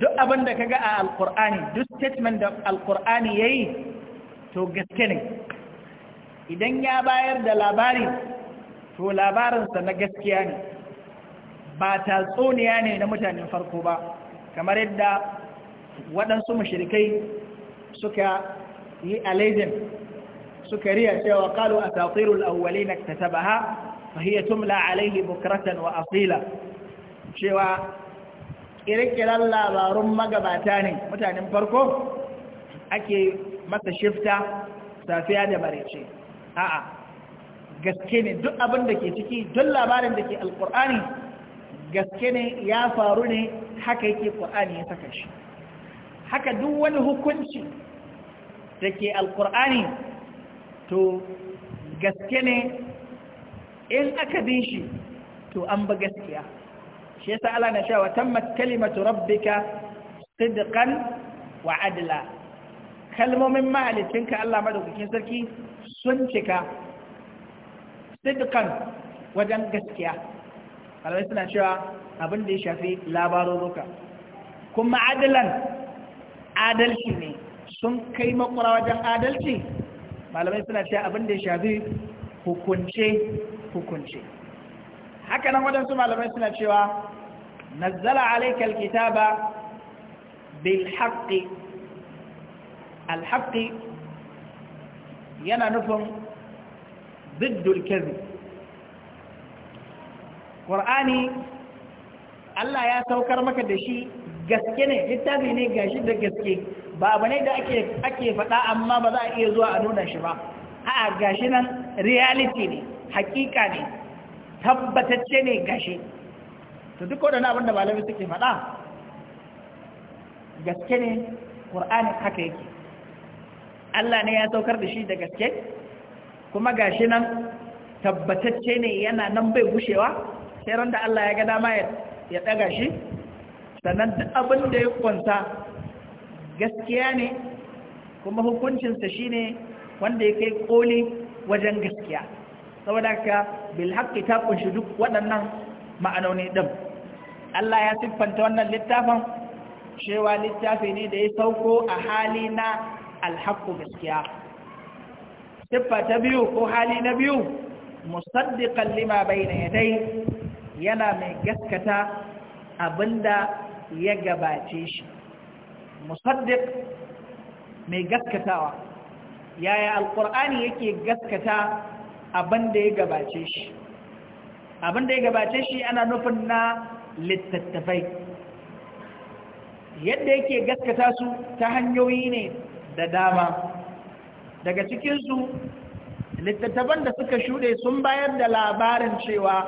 A: duk abin da kaga a alkur'ani duk statement da alkur'ani yayi to gaske ne idan ya bayar da labari to labarinsa na gaskiya ne ba tatsuniya ne na mutanen farko ba kamar yadda waɗansu mashirikai suka yi alejin. suka riya cewa kalu a tafirul awwali na ta taba ha fahiyar tumla alaihi bukratan wa asila cewa kirkirar labarun gabata ne mutanen farko ake masa shifta safiya da barice a'a gaske ne duk abin ke ciki duk labarin da ke alkur'ani gaske ne ya faru ne haka yake ƙur'ani ya saka shi haka duk wani hukunci da ke alkur'ani to gaske ne in aka bi shi to an ba gaskiya shi yasa Allah na cewa tammat kalimatu rabbika sidqan wa adla kalmomin mahalicinka Allah madaukakin sarki sun cika sidqan wajen gaskiya alwai suna cewa abin da ya shafi labaruruka kuma adalan adalci ne sun kai makura wajen adalci malamai suna cewa abin da ya shafi hukunce hukunce haka nan waɗansu malamai suna cewa nazzala alaika alkitaba bil haqqi al haqqi yana nufin ziddul kadhib qur'ani Allah ya saukar maka da shi gaske ne littafi ne gashi da gaske ba abu ne da ake faɗa amma ba za a iya zuwa a nuna shi ba a gashi nan reality ne hakika ne tabbatacce ne gashi to duk wadanda abinda malami suke faɗa gaske ne ƙur'ani haka yake Allah ne ya saukar da shi da gaske kuma gashi nan tabbatacce ne yana nan bai gushewa sai ran da Allah ya ga dama ya ɗaga shi sannan duk abin da ya kwanta gaskiya ne kuma hukuncinsa shine wanda ya kai koli wajen gaskiya saboda ka bil ta kunshi duk waɗannan ma'anoni ɗin. Allah ya siffanta wannan littafin cewa littafi ne da ya sauko a hali na alhaku gaskiya siffa ta biyu ko hali na biyu musaddiqan lima bayna dai yana mai gaskata abinda ya gabace shi musaddiq mai gaskatawa yaya alkur'ani yake gaskata abin da ya gabace shi abin da ya gabace shi ana nufin na littattafai yadda yake gaskata su ta hanyoyi ne da dama daga cikinsu littattafan da suka shuɗe sun bayar da labarin cewa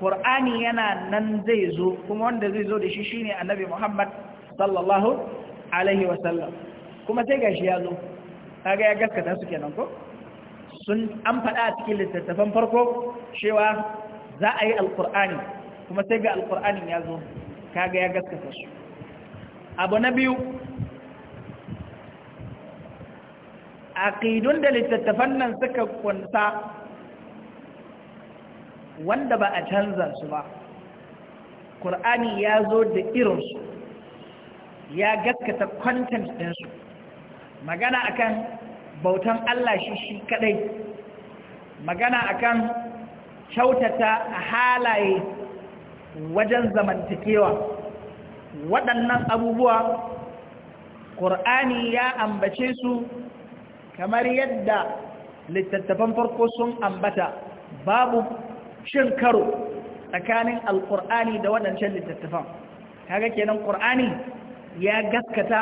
A: ƙur'ani yana nan zai zo kuma wanda zai zo da shi shine annabi muhammad sallallahu alaihi wasallam kuma sai gashi ya zo kaga ya gaskata su kenan ko sun an faɗa a cikin littattafan farko cewa za a yi alkur'ani kuma sai ga alkur'anin ya zo kaga ya gaskata su abu na biyu aƙidun da littattafan nan suka kunsa wanda ba a canza su ba ƙur'ani ya zo da irinsu ya gaskata kwantan ɗinsu magana akan bautan Allah shi shi kadai magana akan kyautata a halaye wajen zamantakewa waɗannan abubuwa ƙur'ani ya ambace su kamar yadda littattafan farko sun ambata babu shin karo tsakanin alƙur'ani da waɗancan littattafan kaga kenan ƙur'ani ya gaskata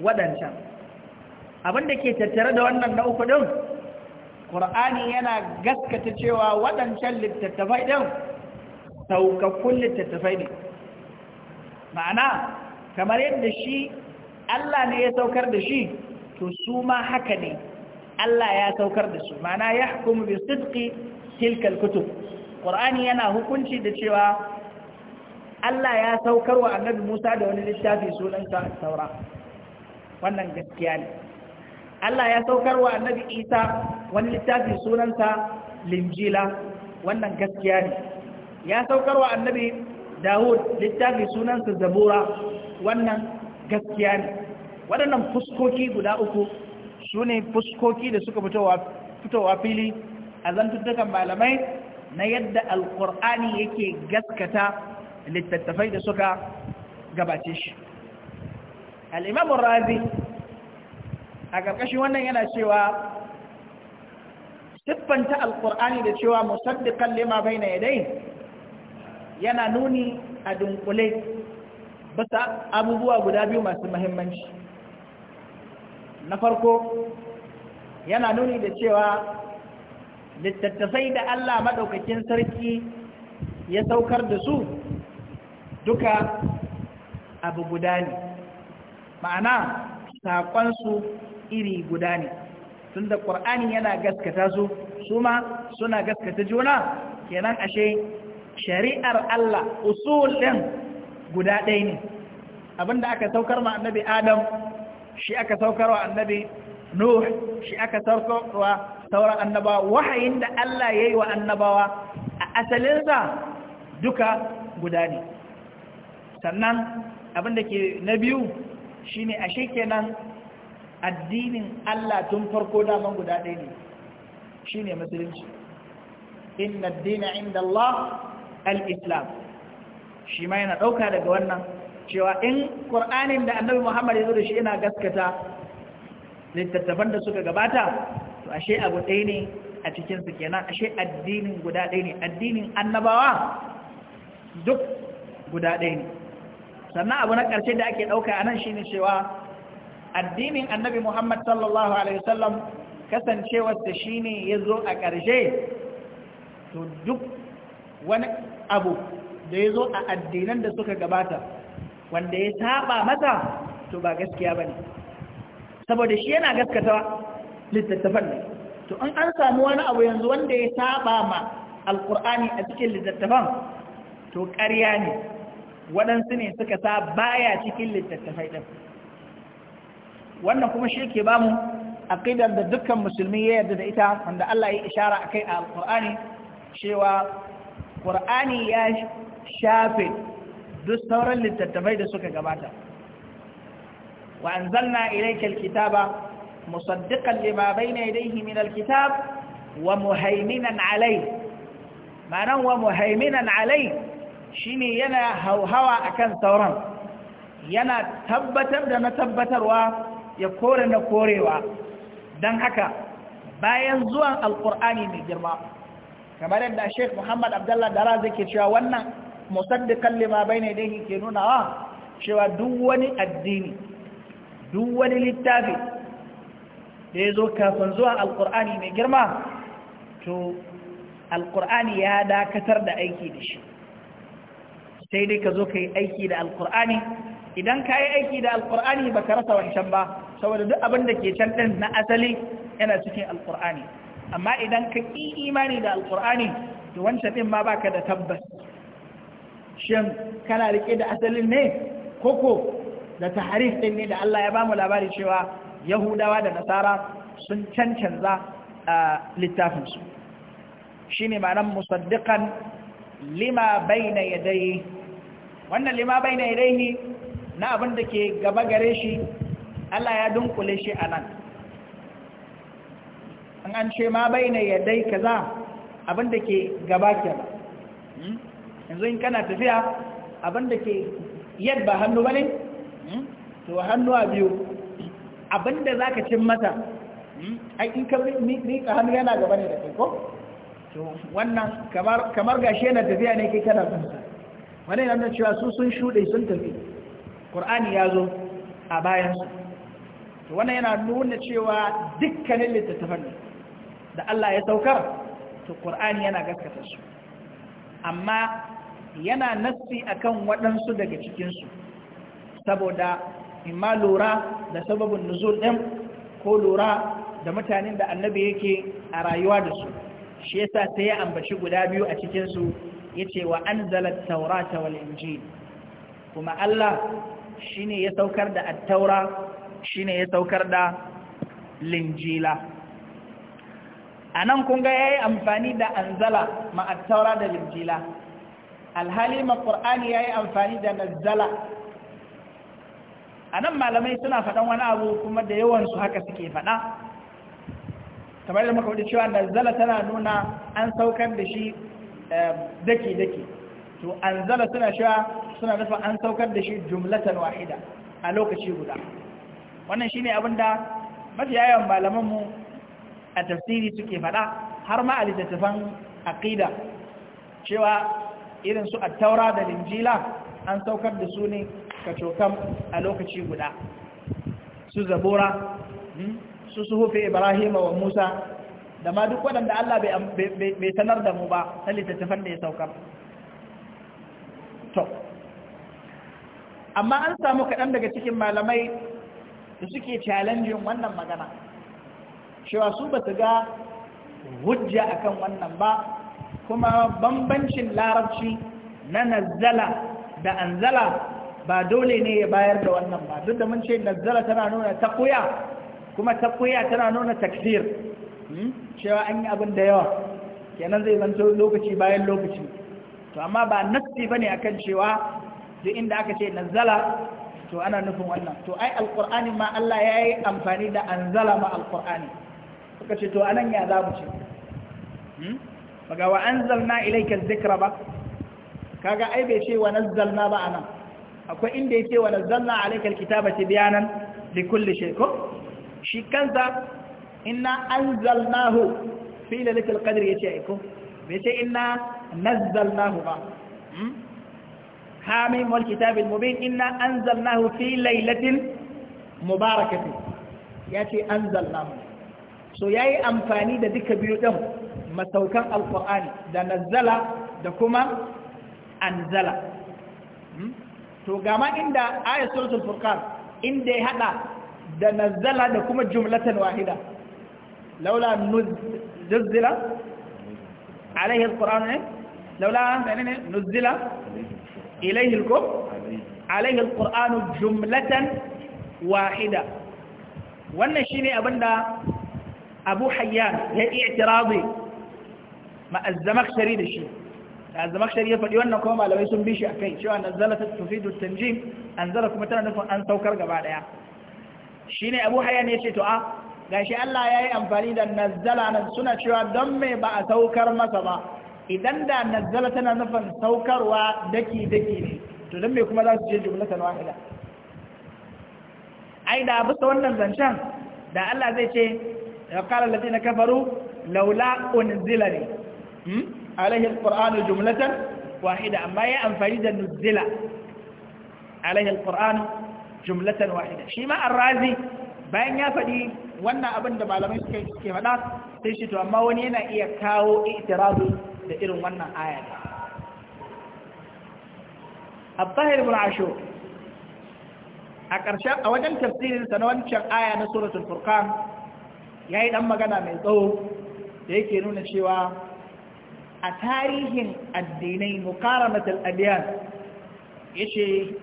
A: waɗancan abinda da ke tattare da wannan na uku ɗin ƙur'ani yana gaskata cewa waɗancan littattafai ɗin saukakkun littattafai ne ma'ana kamar yadda shi Allah ne ya saukar da shi to su ma haka ne Allah ya saukar da su ma'ana ya hukumu bi sidqi tilkal kutub ƙur'ani yana hukunci da cewa Allah ya saukar wa annabi Musa da wani littafi sunansa saura wannan gaskiya ne Allah ya saukar wa annabi Isa wani littafi sunansa linjila wannan gaskiya ne ya saukar wa annabi Dawud littafi sunansa zabura wannan gaskiya ne waɗannan fuskoki guda uku su ne fuskoki da suka fitowa fili a zantuttukan malamai na yadda alkur'ani yake gaskata littattafai da suka gabace shi al'imamun razi a ƙarƙashin wannan yana cewa siffanta alƙur'ani da cewa musaddiƙan lima bai na yadai yana nuni a dunkule bisa abubuwa guda biyu masu mahimmanci na farko yana nuni da cewa littattafai da Allah maɗaukakin sarki ya saukar da su duka abu guda ne ma'ana saƙonsu iri guda ne tun da ƙwar'ani yana gaskata su su ma suna gaskata juna kenan ashe shari'ar Allah usulin guda ɗaya ne abinda aka saukar ma annabi adam shi aka saukar wa annabi nuh shi aka saukar wa sauran annabawa wahayin da Allah ya yi wa annabawa a asalinsa duka guda ne sannan abin da ke na biyu shine ashe nan addinin Allah tun farko daman guda ɗaya ne Shi ne musulunci inna addina 'inda Allah al-islam shi ma yana ɗauka daga wannan cewa in ƙur'anin da annabi Muhammad ya zo da shi yana gaskata littattafan da suka gabata to ashe abu ɗaya ne a cikinsu kenan ashe addinin guda ɗaya ne addinin annabawa duk guda ɗaya ne sannan abu na ƙarshe da ake ɗauka a nan shi ne cewa addinin annabi Muhammad sallallahu alaihi wasallam kasancewarsa ne ya zo a ƙarshe to duk wani abu da ya zo a addinan da suka gabata wanda ya saba mata to ba gaskiya ba ne saboda shi yana gaskata littattafan ne to in an samu wani abu yanzu wanda ya saba ma Alƙur'ani a cikin littattafan to ƙarya ne waɗansu ne suka sa baya cikin littattafai ɗin wannan kuma shi ke ba mu aƙidar da dukkan musulmi ya yarda da ita wanda Allah ya ishara a kai a alƙur'ani cewa ƙur'ani ya shafe duk sauran littattafai da suka gabata wa anzalna ilaikar kitaba, musaddiqan limabai ne yadayhi min alkitab wa muhaiminan alai, ma'anan wa muhaiminan alai. shine yana hauhawa akan sauran yana tabbatar da na tabbatarwa ya kore na korewa don haka bayan zuwan alkur'ani mai girma kamar yadda sheikh muhammad abdullah dara zai ke cewa wannan musaddikan kallima bai ne dai ke nunawa cewa duk wani addini duk wani littafi da ya zo kafin zuwan alkur'ani mai girma to alkur'ani ya dakatar da aiki da shi sai dai ka zo ka yi aiki da alkur'ani idan ka yi aiki da alkur'ani ba ka rasa wancan ba saboda duk abin da ke can ɗin na asali yana cikin alkur'ani amma idan ka ƙi imani da alkur'ani to wancan ɗin ma baka da tabbas shin kana rike da asalin ne koko da taharif ɗin ne da Allah ya bamu labari cewa yahudawa da nasara sun cancanza a littafinsu shi ne ma'anar musaddiƙan lima bai na wannan lima bai na irai na abin da ke gaba gare shi Allah ya dunkule shi a nan an an ce ma bai na yadai za abin da ke gaba ke ba hmm? yanzu in kana tafiya abin da ke yadda hannu ba ne hmm? to hannu a biyu abin da za ka cin mata hmm? a in ka rika hannu yana gaba ne da ke ko to wannan kamar gashi yana tafiya ne kai kana zunsa wani yana nuna cewa su sun shuɗe sun tafi ƙur'ani ya zo a bayansu to yana nuna cewa dukkanin littattafan da Allah ya saukar to ƙur'ani yana gaskata su amma yana nassi akan waɗansu daga cikinsu saboda imma lura da sababin nuzul ɗin ko lura da mutanen da annabi yake a rayuwa da su shi yasa sai ya ambaci guda biyu a cikinsu yace wa anzalat tawrata wal injil kuma Allah shine ya saukar da at-taura shine ya saukar da linjila anan kun ga yayi amfani da anzala ma at-taura da linjila alhali ma qur'ani yayi amfani da nazzala anan malamai suna faɗan wani abu kuma da yawan su haka suke faɗa kamar da muka wuce cewa nazzala tana nuna an saukar da shi Eh, daki daki to anzala suna sha suna dafa an saukar da shi jumlatan wahida a lokaci guda wannan shine abin da mafiya yawan malaman mu a tafsiri suke faɗa har ma a littattafan aqida cewa irin su attaura taura da linjila an saukar da su ne kacokan a lokaci guda su zabura hmm, su Suhufe, ibrahima wa musa da ma duk waɗanda Allah bai sanar da mu ba na littattafan da ya saukar to amma an samu kaɗan daga cikin malamai da suke challenging wannan magana cewa su ba su ga hujja akan wannan ba kuma bambancin larabci na nazzala da anzala ba dole ne ya bayar da wannan ba duk da mun ce nazzala tana nuna takuya kuma takuya tana nuna takfir Hmm? cewa an yi abin da yawa kenan zai zanto lokaci bayan lokaci to amma ba nassi bane akan cewa duk inda aka ce nazala to ana nufin wannan to ai alqur'ani ma Allah ya yi amfani da anzala ma alqur'ani suka ce to anan ya za mu ce kaga hmm? wa anzalna ilayka dhikra ba kaga ai bai ce wa nazzalna ba anan akwai inda ya wa nazzalna alayka alkitaba tibyanan likulli shay ko shi kansa inna anzalnahu fi lailatul qadr yace ai ko bai ce inna nazzalnahu ba Hami hmm? wal kitabil mubin inna anzalnahu fi lailatin mubarakati yace anzalnahu so yayi amfani da duka biyu din masaukan alqur'ani da nazzala da kuma anzala hmm? to gama inda ayatul furqan inda ya hada da nazzala da kuma jumlatan wahida laula nuzzila alaihi alquran ne laula menene nuzzila ilaihi alqur alaihi alquran jumlatan wahida wannan shine abinda abu hayyan ya i'tirazi ma az-zamakhshari da shi az-zamakhshari ya faɗi wannan kuma malamai sun bi shi akai cewa nazalata tufidu tanjim anzala kuma tana nufin an saukar gaba daya shine abu hayyan ya ce to a gashi Allah ya yi amfani da nazzala na suna cewa don me ba a saukar masa ba idan da nazzala tana nufin saukarwa daki daki ne to don me kuma za su je jumlatan wahida ai da bisa wannan zancen da Allah zai ce ya kala na kafaru laula unzila ne hmm? alaihi alqur'anu jumlatan wahida amma ya amfani da nazzala alaihi alqur'anu jumlatan wahida shi ma arrazi bayan ya faɗi wannan abin da malamai suke suke faɗa sai shi to amma wani yana iya kawo itirazu da irin wannan aya ne Abdahir ibn Ashur a ƙarshe a wajen tafsirin sa na wancan aya na suratul Furqan yayi dan magana mai tsawo da yake nuna cewa a tarihin addinai mukaramatul adiyan yace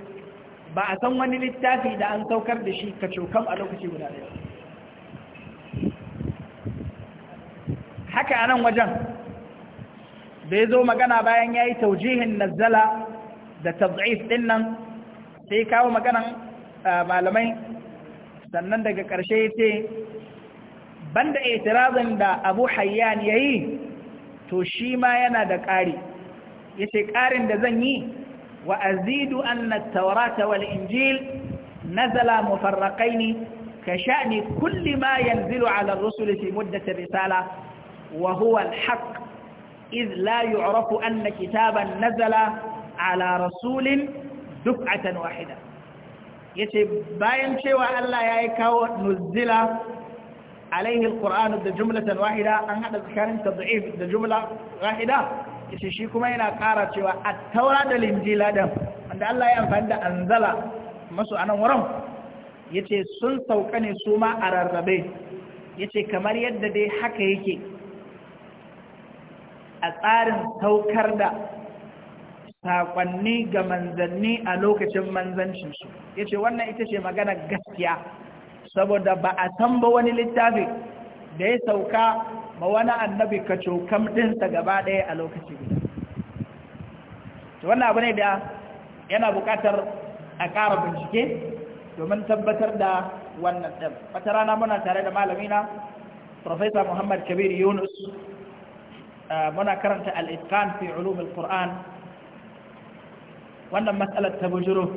A: ba a san wani littafi da an saukar da shi kacokan a lokaci guda ɗaya haka anan nan wajen da ya zo magana bayan ya yi taujihin nazzala da tab'if ɗin nan sai kawo maganan ah, malamai sannan daga ƙarshe ya ce banda itirazin da abu hayyan ya yi to shi ma yana da ƙari ya ce ƙarin da zan yi wa azidu anna taurata wal injil nazala mufarraƙaini ka sha'ani kulli ma yanzu ala rusuli fi muddata risala wa huwa al-haq iz la yu'rafu anna kitaban nazala ala rasulin duk'atan wahida yace bayan cewa Allah yayi kawo nuzila alaihi al-qur'an da jumlatan wahida an hada tsakanin tad'if da jumla wahida yace shi kuma yana ƙara cewa at-taura da injila wanda Allah ya amfani da anzala masu anan wurin yace sun sauka ne su ma a rarrabe yace kamar yadda dai haka yake a tsarin saukar da saƙonni ga manzanni a lokacin manzancinsu ya ce wannan ita ce magana gaskiya saboda ba a san ba wani littafi da ya sauka ba wani annabi ka cokam ɗinsa gaba ɗaya a lokaci ta wannan abu ne da yana buƙatar a ƙara bincike domin tabbatar da wannan ɗin wata rana muna tare da malamina Profesa Muhammad Kabir Yunus muna karanta al fi ulum al-qur'an wannan matsalar ta bujuro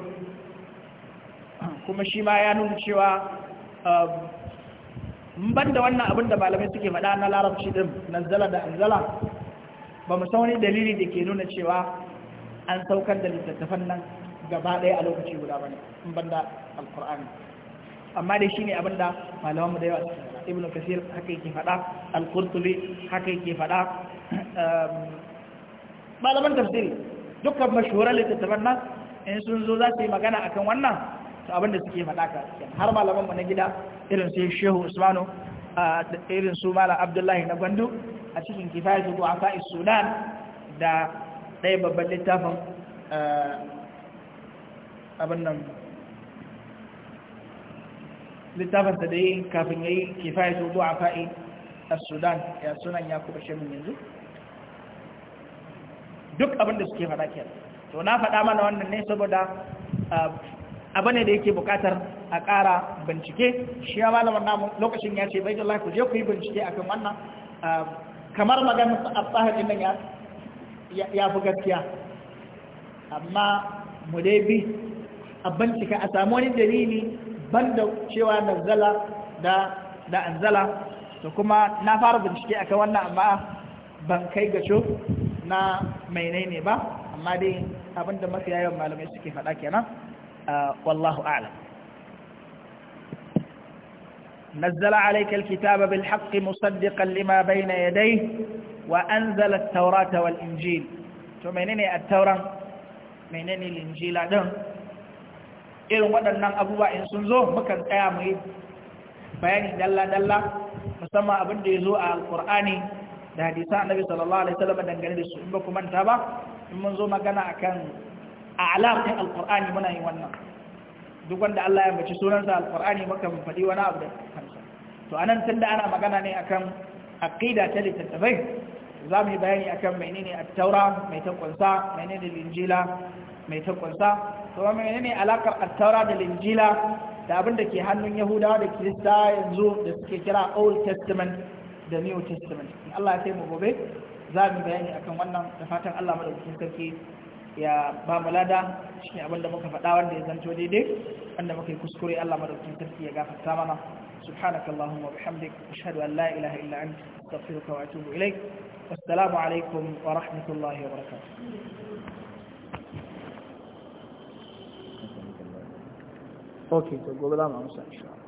A: kuma shi ma ya nuna cewa ban da wannan abin da malamai suke faɗa na larabci ɗin, nanzala da anzala ba mu san wani dalili da ke nuna cewa an saukar da littattafan nan gaba ɗaya a lokaci guda ba ne in banda alkur'ani amma dai shine abin da malamanmu da yawa suke ibn kasir haka yake faɗa al-qurtubi haka yake faɗa ehm, malaman tafsiri dukkan mashhuran littattafan nan in sun zo za su yi magana akan wannan to abin da suke faɗa ka har malaman mu na gida irin su shehu usmanu irin su malam abdullahi na gwandu a cikin kifaya su du'afa sudan da ɗaya babban littafin eh, abin littafin da yi kafin ya yayi kifaya to a fa'i a sudan ya sunan ya kuma shirin yanzu duk abin da suke faɗa kenan to na faɗa mana wannan ne saboda abu ne da yake buƙatar a ƙara bincike shi ya malamin namu lokacin ya ce bai jalla ku je ku yi bincike akan wannan kamar maganin tsaharin nan ya fi gaskiya amma mu dai bi a bincika a samu wani dalili banda cewa nazala da da anzala to kuma na fara bincike akan wannan amma ban kai gaco na mainene ba amma dai abinda mafi yawan malamai suke faɗa kenan ah, wallahu a'lam نزل عليك الكتاب بالحق مصدقا لما بين يديه وأنزل التوراة والإنجيل تو منيني التوراة منيني الإنجيل دون irin waɗannan abubuwa in sun zo mukan tsaya mu yi bayani dalla-dalla musamman abin da ya zo a alkur'ani da hadisa annabi sallallahu alaihi wasallam dangane da su in ba ku manta ba in mun zo magana akan A din alkur'ani muna yin wannan duk wanda Allah ya mace sunansa alkur'ani muka faɗi wani abu da kansa to anan tunda ana magana ne akan aqida ta littattafai za mu yi bayani akan menene at-taura mai ta kunsa menene linjila mai takwasa to mai ne alakar attaura da linjila da abin da ke hannun yahudawa da kirista yanzu da suke kira old testament da new testament in allah ya sai mu gobe za mu bayani akan wannan da fatan allah madaukakin sarki ya ba mu lada shi abin da muka faɗa wanda ya zanto daidai wanda muka yi kuskure allah madaukakin sarki ya gafarta mana سبحانك اللهم وبحمدك أشهد أن لا إله إلا أنت أستغفرك وأتوب إليك والسلام عليكم ورحمة الله وبركاته Okay, so go with that,